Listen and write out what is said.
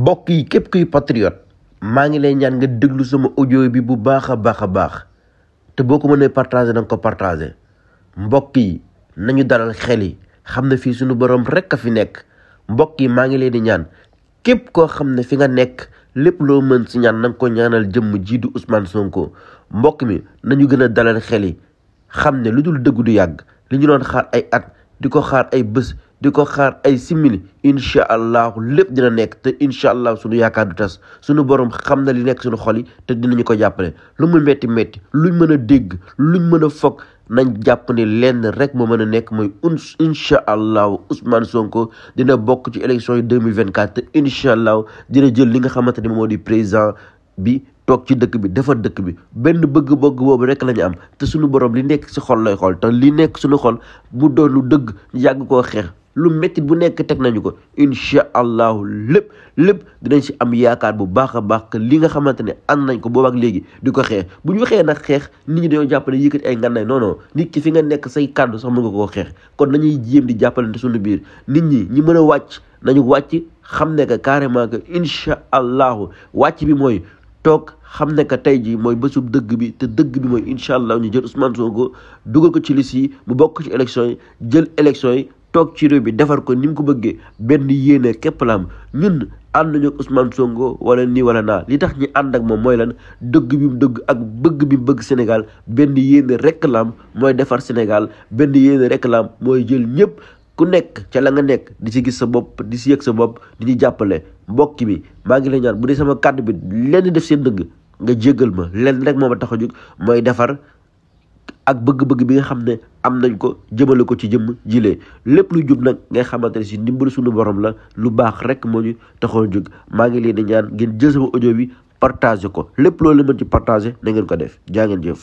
mbokk yi képp kuy patriote maa ngi lay ñaan nga déglu sama audio bi bu baax a baax a baax te boo ko mënee partagé na nga ko partagé mbokk yi nañu dalal xel yi xam ne fii suñu borom rek a fi nekk mbokk yi maa ngi leen di ñaan képp koo xam ne fi nga nekk lépp loo mën si ñaan na nga ko ñaanal jëmm jii di Ousmane Sonko mbokk mi nañu gën a dalal xel yi xam ne lu dul dëggu du yàgg li ñu doon xaar ay at di ko xaar ay bés di ko xaar ay simili incha allahu lépp dina nekk te incha allah sunu yaakaar du tas suñu borom xam na li nekk suñu xol yi te dinañu ko jàppale lu mu métti métti luñ mën a dégg luñ mën a foog nañ jàpp ne lenn rek moo mën a nekk mooy uns incha allahu Ousmane Sonko dina bokk ci élection yi 2024 te incha allahu dina jël li nga xamante ne moo di président bi toog ci dëkk bi defar dëkk bi benn bëgg-bëgg boobu rek lañu am te suñu borom li nekk si xol lay xool te li nekk suñu xol mu doon lu dëgg yàgg koo xeex lu métti bu nekk teg nañu ko incha allahu lépp lépp dinañ si am yaakaar bu baax a baax li nga xamante ne ànd nañ ko boobaak léegi di ko xeex bu ñu waxee nag xeex nit ñi dañoo jàppale yëkkati ay ngànnaay non non nit ki fi nga nekk say kàddu sax mën nga koo xeex kon nañuy jéem di jàppalante suñu biir nit ñi ñi mën a wàcc nañu wàcc xam ne que carrément que incha wàcc bi mooy toog xam ne que tey jii mooy bésub dëgg bi te dëgg bi mooy incha allah ñu jël Ousmane Sonko dugal ko ci liste yi mu bokk ci élection yi jël élection yi toog ci réew bi defar ko ni mu ko bëggee benn yéene képp lam am ñun ànd nañu usman songo Sonko wala nii wala naa li tax ñu ànd ak moom mooy lan dëgg bi mu dëgg ak bëgg bi mu bëgg senegal benn yéene rekk la mooy defar Sénégal benn yéene rekk la am jël ñëpp ku nekk ca la nga nekk di si gis sa bopp di si yëg sa bopp di ci jàppale mbokki bi maa ngi lay ñaan bu dee sama kàddu bi lenn def seen dëgg nga jéggal ma lenn rekk moom ma tax a jóg mooy defar ak bëgg-bëgg bi nga xam ne am nañ ko jëmale ko ci jëmm jilee lépp lu jub nag ngay xamante ne si ndimbal suñu borom la lu baax rek moo ñu taxoon jóg maa ngi leen di ñaan ngeen jël sama audio bi partagé ko lépp loolu la mën ci partagé na ngeen ko def jaa jëf